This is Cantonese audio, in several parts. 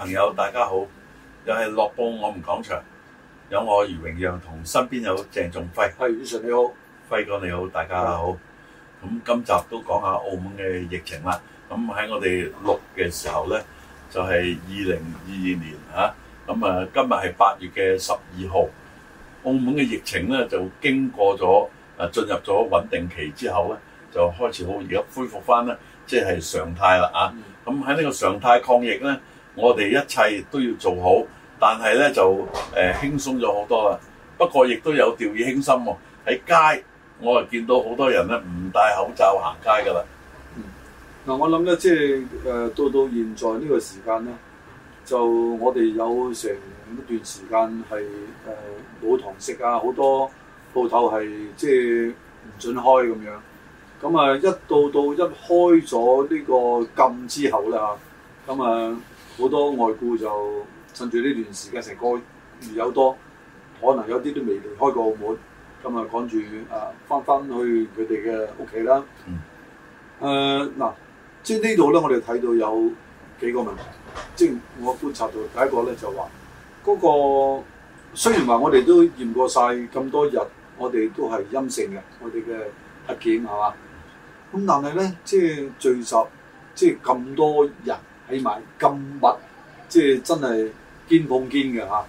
朋友大家好，又係樂報我們講場，有我余榮讓同身邊有鄭仲輝。係，主席你好，輝哥你好，大家好。咁今集都講下澳門嘅疫情啦。咁喺我哋錄嘅時候咧，就係二零二二年啊。咁啊，今日係八月嘅十二號，澳門嘅疫情咧就經過咗啊，進入咗穩定期之後咧，就開始好而家恢復翻咧，即係常態啦啊。咁喺呢個常態抗疫咧。我哋一切都要做好，但係咧就誒、呃、輕鬆咗好多啦。不過亦都有掉以輕心喎、哦。喺街，我啊見到好多人咧唔戴口罩行街㗎啦。嗱、嗯，我諗咧、就是，即係誒到到現在呢個時間咧，就我哋有成一段時間係誒冇堂食啊，好多鋪頭係即係唔准開咁樣。咁啊，一到到一開咗呢個禁之後咧嚇，咁啊～好多外僱就趁住呢段時間成個月有多，可能有啲都未離開過澳門，咁啊趕住啊翻返去佢哋嘅屋企啦。誒、嗯、嗱，即、呃、係呢度咧，我哋睇到有幾個問題。即係我觀察到第一個咧，就話嗰、嗰個雖然話我哋都驗過晒咁多日，我哋都係陰性嘅，我哋嘅核檢係嘛。咁但係咧，即係聚集，即係咁多人。你埋咁密，即係真係肩碰肩嘅嚇。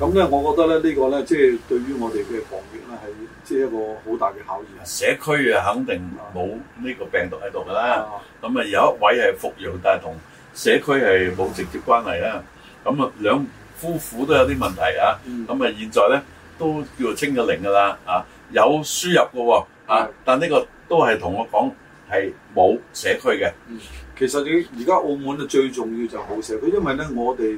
咁咧，我覺得咧呢個咧，即係對於我哋嘅防疫咧，係即係一個好大嘅考驗。社區啊，肯定冇呢個病毒喺度㗎啦。咁啊，有一位係復陽，但係同社區係冇直接關係啦。咁啊，兩夫婦都有啲問題啊。咁、嗯、啊，現在咧都叫清咗零㗎啦、嗯。啊，有輸入㗎喎啊，但呢個都係同我講係冇社區嘅。嗯其實你而家澳門最重要就冇，社區因為咧，我哋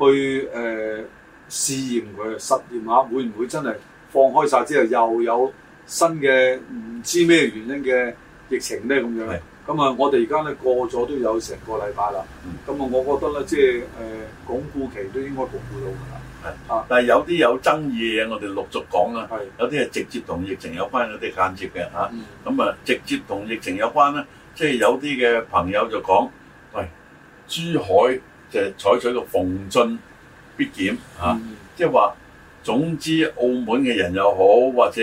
去誒試驗佢、實驗下會唔會真係放開晒之後，又有新嘅唔知咩原因嘅疫情咧咁樣。咁啊，我哋而家咧過咗都有成個禮拜啦。咁、嗯、啊，我覺得咧即係誒鞏固期都應該鞏固到㗎啦。係啊，但係有啲有爭議嘅嘢，我哋陸續講啦。有啲係直接同疫情有關，有啲間接嘅吓。咁啊，嗯、直接同疫情有關咧。即係有啲嘅朋友就講，喂，珠海就採取個逢進必檢，嗯、啊，即係話總之澳門嘅人又好，或者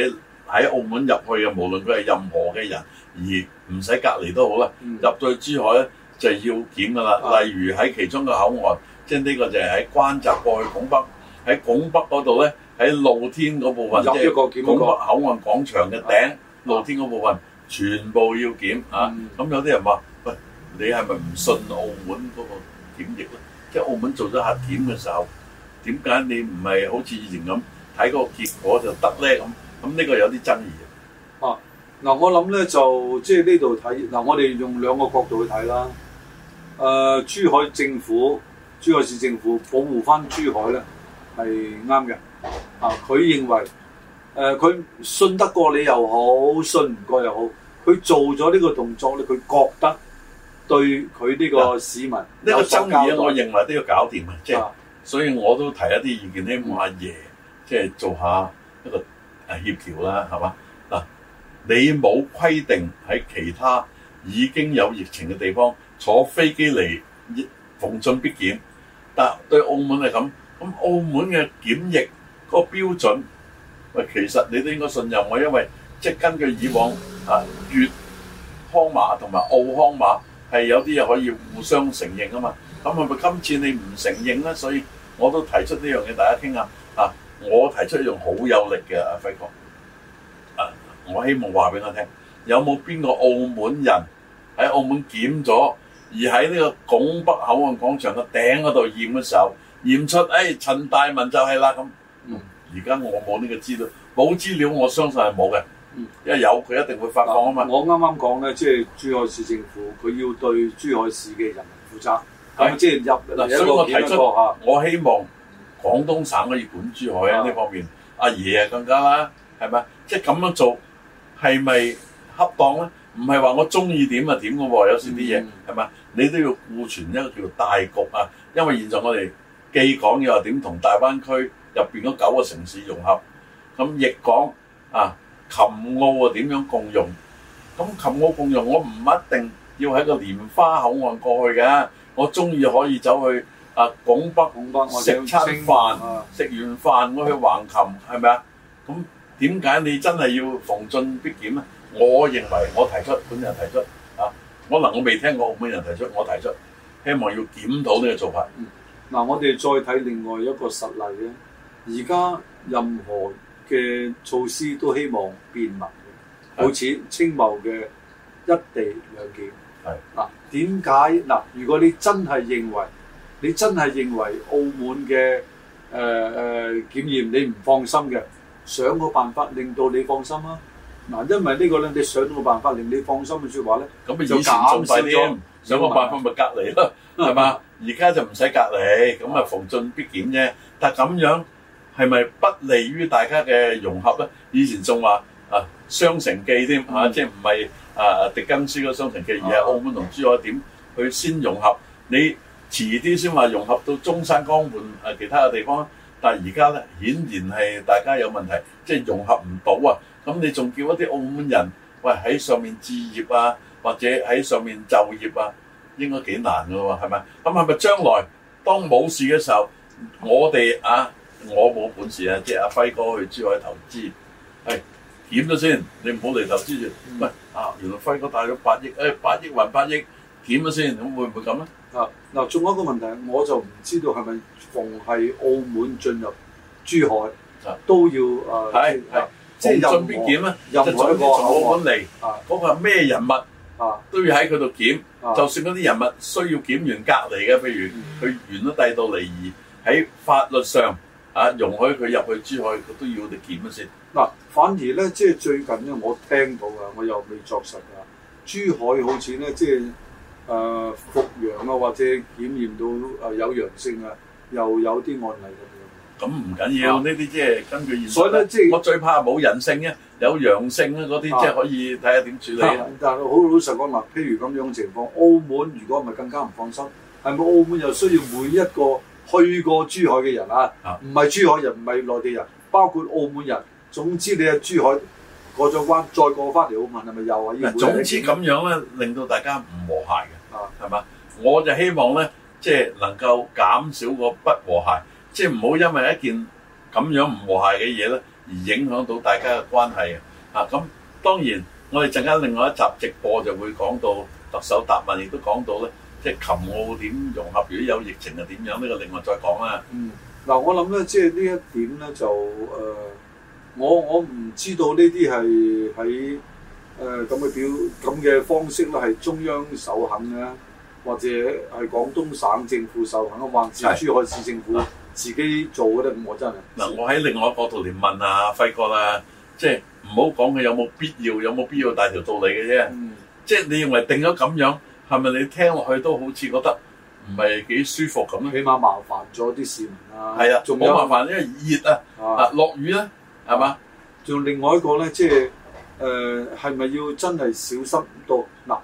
喺澳門入去嘅，無論佢係任何嘅人，而唔使隔離都好啦，入到去珠海呢就要檢㗎啦、嗯。例如喺其中嘅口岸，即係呢個就係喺關閘過去拱北，喺拱北嗰度咧，喺露天嗰部分，即係拱北口岸廣場嘅頂，露天嗰部分。全部要檢啊！咁有啲人話：喂，你係咪唔信澳門嗰個檢疫咧？即係澳門做咗核檢嘅時候，點解你唔係好似以前咁睇嗰個結果就得咧？咁咁呢個有啲爭議啊！嗱、就是啊，我諗咧就即係呢度睇嗱，我哋用兩個角度去睇啦。誒、呃，珠海政府、珠海市政府保護返珠海咧，係啱嘅。啊，佢認為誒，佢、呃、信得過你又好，信唔過又好。佢做咗呢個動作咧，佢覺得對佢呢個市民呢、這個爭議咧，我認為都要搞掂啊！即係、就是，所以我都提一啲意見呢，希望阿爺，即係做下一個誒協調啦，係嘛嗱？你冇規定喺其他已經有疫情嘅地方坐飛機嚟逢進必檢，但對澳門係咁，咁澳門嘅檢疫嗰個標準，喂，其實你都應該信任我，因為。即根據以往啊，粵康碼同埋澳康碼係有啲嘢可以互相承認啊嘛。咁係咪今次你唔承認咧？所以我都提出呢樣嘢，大家聽下啊。我提出一樣好有力嘅，阿輝哥啊，我希望話俾我聽，有冇邊個澳門人喺澳門檢咗，而喺呢個拱北口岸廣場嘅頂嗰度驗嘅時候，驗出誒陳大文就係啦咁。嗯，而家我冇呢個資料，冇資料我相信係冇嘅。因為有佢一定會發放啊嘛。嗯、我啱啱講咧，即、就、係、是、珠海市政府，佢要對珠海市嘅人民負責。咁即係入嗱，一所以我提出，我希望廣東省可以管珠海喺、啊、呢、嗯、方面。阿爺啊，爺更加啦，係咪？即係咁樣做係咪恰當咧？唔係話我中意點啊點噶喎？有時啲嘢係咪？你都要顧全一個叫大局啊。因為現在我哋既講又話點同大灣區入邊嗰九個城市融合，咁亦講啊。琴澳啊，點樣共用？咁琴澳共用，我唔一定要喺個蓮花口岸過去嘅，我中意可以走去啊拱北港食餐飯，食、啊、完飯我去橫琴，係咪啊？咁點解你真係要逢進必檢咧？我認為我提出，本人提出啊，可能我未聽過澳門人提出，我提出，希望要檢討呢個做法。嗱、嗯，我哋再睇另外一個實例咧，而家任何。嘅措施都希望便民嘅，好似青茂嘅一地兩檢。係嗱，點解嗱？如果你真係認為，你真係認為澳門嘅誒誒檢驗你唔放心嘅，想個辦法令到你放心啊！嗱，因為呢個咧，你想個辦法令你放心嘅説話咧，就減少想個辦法咪隔離咯，係嘛？而家就唔使隔離，咁啊逢進必檢啫。但係咁樣。係咪不，不利於大家嘅融合咧？以前仲話啊，雙城記添嚇，即係唔係啊？狄更斯嗰個雙城記，嗯啊啊城記嗯、而係澳門同珠海點、嗯、去先融合？你遲啲先話融合到中山江、江門啊，其他嘅地方。但係而家咧，顯然係大家有問題，即係融合唔到啊！咁你仲叫一啲澳門人喂喺上面置業啊，或者喺上面就業啊，應該幾難㗎喎，係咪？咁係咪將來當冇事嘅時候，嗯、我哋啊？我冇本事啊！即係阿輝哥去珠海投資，係、哎、檢咗先。你唔好嚟投資住。唔、嗯、啊，原來輝哥帶咗八億，誒、哎、八億還八億，檢咗先。咁會唔會咁咧？啊嗱，仲有一個問題，我就唔知道係咪逢係澳門進入珠海啊都要誒係係即係進邊檢咧？任何一個口岸嚟啊，嗰、那個咩人物啊都要喺佢度檢、啊。就算嗰啲人物需要檢完隔離嘅，譬如佢遠都帶到嚟而喺法律上。啊，容許佢入去珠海，佢都要我哋檢一先。嗱，反而咧，即係最近咧，我聽到啊，我又未作實啊。珠海好似咧，即係誒、呃、復陽啊，或者檢驗到有陽性啊，又有啲案例咁、啊、樣。咁唔緊要，呢啲即係根據現實呢。所以咧，即係我最怕冇人性嘅，有陽性啊嗰啲，即係可以睇下點處理。啊、但係好老實講話，譬如咁樣嘅情況，澳門如果唔係更加唔放心，係咪澳門又需要每一個？去過珠海嘅人啊，唔係珠海人，唔係內地人，包括澳門人，總之你係珠海過咗關，再過翻嚟澳門係咪又係啊？總之咁樣咧，令到大家唔和諧嘅，係、啊、嘛？我就希望咧，即係能夠減少個不和諧，即係唔好因為一件咁樣唔和諧嘅嘢咧，而影響到大家嘅關係的、嗯、啊。咁當然，我哋陣間另外一集直播就會講到特首答問也到，亦都講到咧。即係琴澳點融合？如果有疫情又點樣呢個另外再講啦。嗯，嗱我諗咧，即係呢一點咧就誒、呃，我我唔知道呢啲係喺誒咁嘅表咁嘅方式咧，係中央首肯嘅，或者係廣東省政府首肯啊，還是珠海市政府自己做嘅咧？咁我真係嗱、嗯，我喺另外一個角度嚟問啊，輝哥啦、啊，即係唔好講佢有冇必要，有冇必要大條道，道理嘅啫、嗯？即係你認為定咗咁樣。係咪你聽落去都好似覺得唔係幾舒服咁咧？起碼麻煩咗啲市民啦，係啊，仲冇、啊、麻煩，因為熱啊，啊落、啊、雨咧，係、啊、嘛？仲另外一個咧，即係誒係咪要真係小心多？嗱、啊？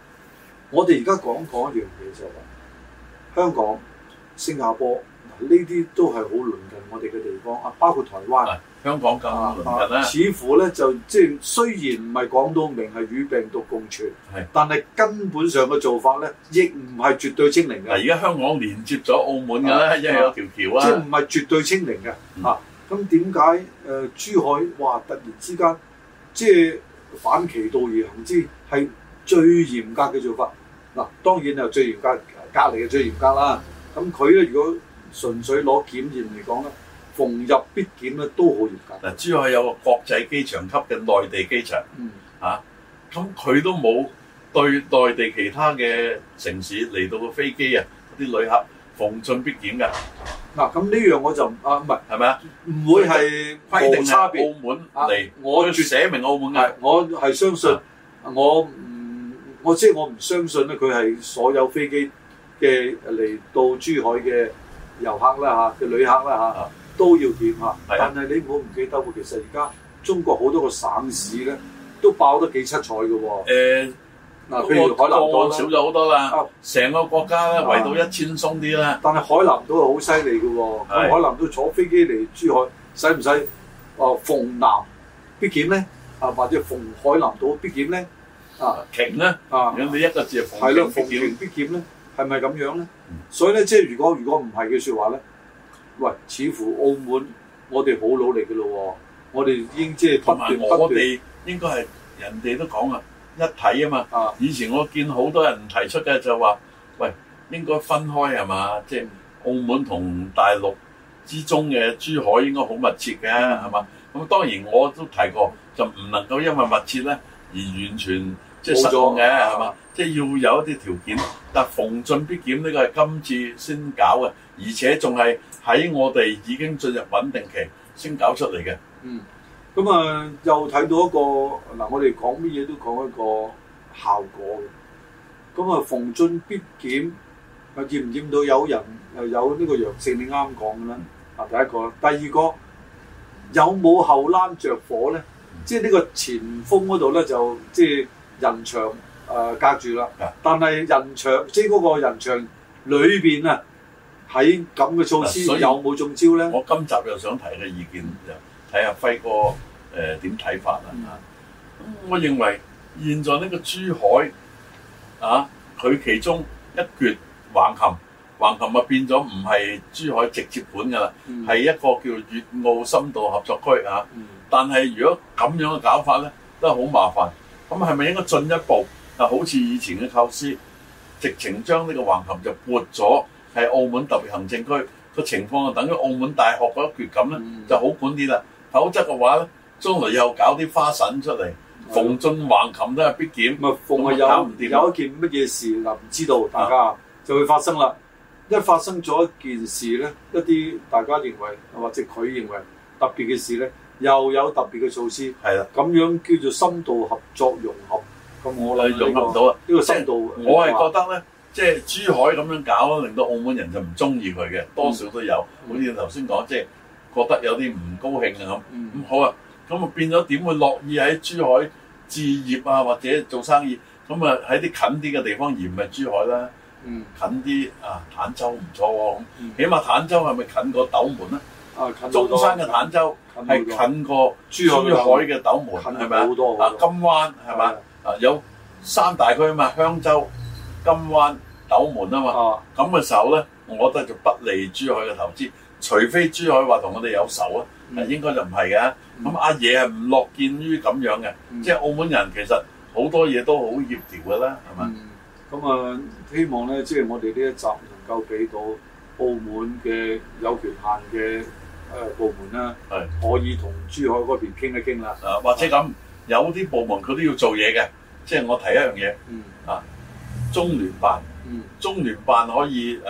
我哋而家講講一樣嘢就係、是、香港、新加坡。呢啲都係好鄰近我哋嘅地方啊，包括台灣、香港咁鄰近咧，似乎咧就即係雖然唔係講到明係與病毒共存，係，但係根本上嘅做法咧，亦唔係絕對清零嘅。而家香港連接咗澳門嘅咧，即係有條橋啊，即係唔係絕對清零嘅嚇。咁點解誒珠海哇，突然之間即係反其道而行之，係最嚴格嘅做法嗱、啊？當然係最嚴格，隔離嘅最嚴格啦。咁佢咧如果，純粹攞檢驗嚟講咧，逢入必檢咧都好嚴格。嗱，主要係有個國際機場級嘅內地機場，嗯，嚇，咁佢都冇對內地其他嘅城市嚟到個飛機啊，啲旅客逢進必檢㗎。嗱，咁呢樣我就啊，唔係，係咪啊？唔會係規定差別，澳門嚟，我註寫明澳門嘅，我係相信，我唔，我即係我唔相信咧，佢係所有飛機嘅嚟到珠海嘅。遊客啦嘅旅客啦、啊、都要檢嚇、啊。但係你我唔記得喎。其實而家中國好多個省市咧，都爆得幾七彩嘅喎。嗱、嗯，譬、啊、如海南島、啊、少咗好多啦。成個國家咧，啊、圍到一千鬆啲啦。但係海南島好犀利嘅喎。啊啊、海南島坐飛機嚟珠海，使唔使啊？用用逢南必檢咧，啊，或者逢海南島必檢咧，啊，瓊？咧。啊，你一個字啊，逢必檢咧。係咪咁樣咧，嗯？所以咧，即係如果如果唔係嘅説話咧，喂，似乎澳門我哋好努力嘅咯喎，我哋已經即係同埋我哋應該係人哋都講啊，一體嘛啊嘛。以前我見好多人提出嘅就話，喂，應該分開係嘛？即係，就是，澳門同大陸之中嘅珠海應該好密切嘅係嘛？咁當然我都提過，就唔能夠因為密切咧而完全。即係實用嘅，係嘛？即係要有一啲條件，但逢進必檢呢、這個係今次先搞嘅，而且仲係喺我哋已經進入穩定期先搞出嚟嘅。嗯，咁、嗯、啊又睇到一個嗱，我哋講乜嘢都講一個效果咁啊、嗯、逢進必檢，又見唔見到有人又有呢個陽性？你啱講嘅啦。嗱，第一個，第二個有冇後欄着火咧、嗯嗯這個？即係呢個前鋒嗰度咧，就即係。人牆誒隔住啦，但係人牆即係嗰個人牆裏邊啊，喺咁嘅措施有冇中招咧？我今集又想提嘅意見，就睇下輝哥誒點睇法啦嚇、嗯。我認為現在呢個珠海啊，佢其中一橛橫琴，橫琴咪變咗唔係珠海直接管噶啦，係、嗯、一個叫粵澳深度合作區啊。但係如果咁樣嘅搞法咧，都係好麻煩。咁係咪應該進一步啊？好似以前嘅構思，直情將呢個橫琴就撥咗係澳門特別行政區個情況，就等於澳門大學嗰一橛咁咧，就好管啲啦。否則嘅話咧，將來又搞啲花神出嚟，逢進橫琴都係必檢咁啊，逢唔有搞有一件乜嘢事嗱？唔知道大家就會發生啦。一發生咗一件事咧，一啲大家認為，或者佢認為特別嘅事咧。又有特別嘅措施，係啦，咁樣叫做深度合作融合，咁我諗、這個、融合唔到啊，呢、這個深度，就是、我係覺得咧，即、嗯、係、就是、珠海咁樣搞，令到澳門人就唔中意佢嘅，多少都有，嗯、好似你頭先講，即、就、係、是、覺得有啲唔高興啊咁。咁、嗯、好啊，咁啊變咗點會樂意喺珠海置業啊，或者做生意？咁啊喺啲近啲嘅地方，而唔係珠海啦、嗯。近啲啊坦洲唔錯喎，起碼坦洲係咪近過斗門啊？啊、中山嘅坦洲係近，近，近過珠海嘅斗門，係咪好多啊？金灣係咪？啊？有三大區啊嘛，香洲、金灣、斗門啊嘛。咁嘅時候咧，我覺得就不利珠海嘅投資，除非珠海話同我哋有仇啊，嗱、嗯、應該就唔係嘅。咁、嗯、阿、啊、爺係唔樂見於咁樣嘅、嗯，即係澳門人其實好多嘢都好協調嘅啦，係咪？咁、嗯、啊，希望咧即係我哋呢一集能夠俾到澳門嘅有權限嘅。誒，部門啦，係可以同珠海嗰邊傾一傾啦，啊，或者咁有啲部門佢都要做嘢嘅，即係我提一樣嘢，嗯，啊，中聯辦，嗯，中聯辦可以誒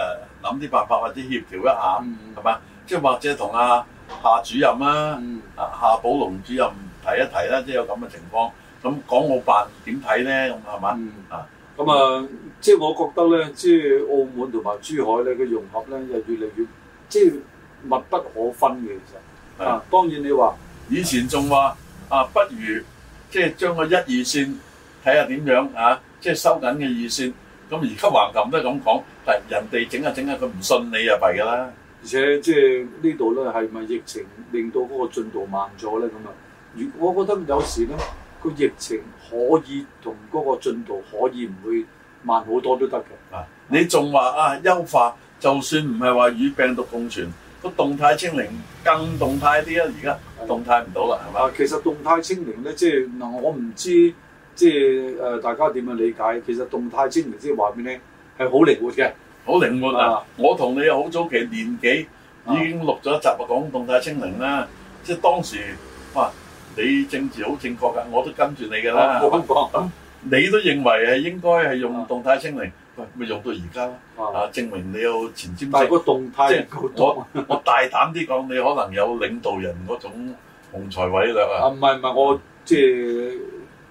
諗啲辦法或者協調一下，係嘛，即係或者同阿夏主任啦，啊夏寶龍主任提一提啦，即係有咁嘅情況，咁港澳辦點睇咧？咁係嘛，啊，咁啊，即係我覺得咧，即係澳門同埋珠海咧嘅融合咧，就越嚟越即係。密不可分嘅。其實啊，當然你話以前仲話啊，不如即係將個一二線睇下點樣啊，即係收緊嘅二線，咁而家橫琴都係咁講，但人哋整下整下，佢唔信你啊，弊噶啦。而且即係呢度咧，係咪疫情令到嗰個進度慢咗咧？咁啊，如我覺得有時咧，個疫情可以同嗰個進度可以唔會慢好多都得嘅。啊，你仲話啊，優化就算唔係話與病毒共存，動態清零更動態啲啊！而家動態唔到啦，係嘛？其實動態清零咧，即係嗱，我唔知即係誒，大家點樣理解？其實動態清零即係話咩咧？係好靈活嘅，好靈活啊！的我同你好早期年紀已經錄咗一集講動態清零啦，即係當時哇，你政治好正確噶，我都跟住你噶啦。你都認為係應該係用動態清零？咪用到而家啦，啊，證明你有前瞻。但係個動態我我，我大膽啲講， 你可能有領導人嗰種雄才偉略啊！啊唔係唔係，我即係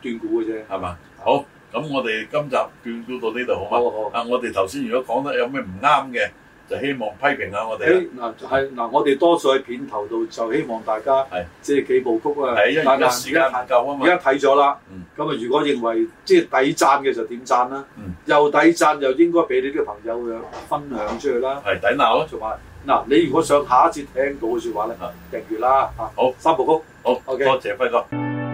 斷估嘅啫。係、嗯、嘛、就是啊？好，咁我哋今集斷估到呢度好嗎？好，好啊好啊，我哋頭先如果講得有咩唔啱嘅。就希望批評下我哋。嗱嗱，我哋多數喺片頭度就希望大家，即係幾部曲啊。因為大家時間唔夠啊嘛。而家睇咗啦。咁、嗯、啊，如果認為即係、就是、抵讚嘅就點讚啦。嗯。又抵讚又應該俾你啲朋友嘅分享出去啦。係抵鬧咯、啊，同埋嗱，你如果想下一次聽到嘅説話咧，訂閱啦嚇。好，三部曲。好。O、okay、K。多謝輝哥。